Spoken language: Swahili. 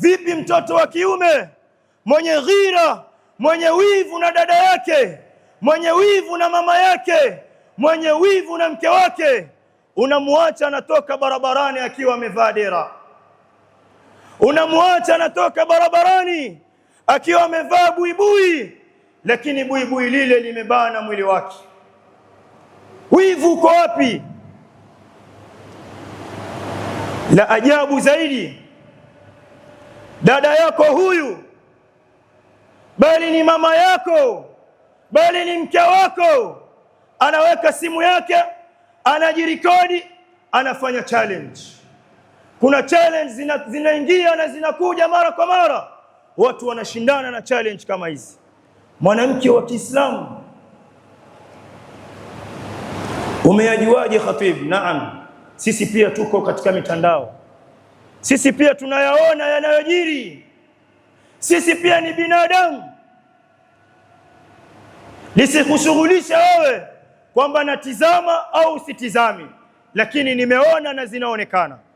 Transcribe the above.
Vipi mtoto wa kiume mwenye ghira, mwenye wivu na dada yake, mwenye wivu na mama yake, mwenye wivu na mke wake, unamwacha anatoka barabarani akiwa amevaa dera, unamwacha anatoka barabarani akiwa amevaa buibui, lakini buibui lile limebana mwili wake. Wivu uko wapi? La ajabu zaidi dada yako huyu, bali ni mama yako, bali ni mke wako. Anaweka simu yake, anajirikodi, anafanya challenge. Kuna challenge zina, zinaingia na zinakuja mara kwa mara, watu wanashindana na challenge kama hizi. Mwanamke wa Kiislamu umeajiwaje khatibu? Naam, sisi pia tuko katika mitandao sisi pia tunayaona yanayojiri. Sisi pia ni binadamu. Nisikushughulisha wewe kwamba natizama au sitizami, lakini nimeona na zinaonekana.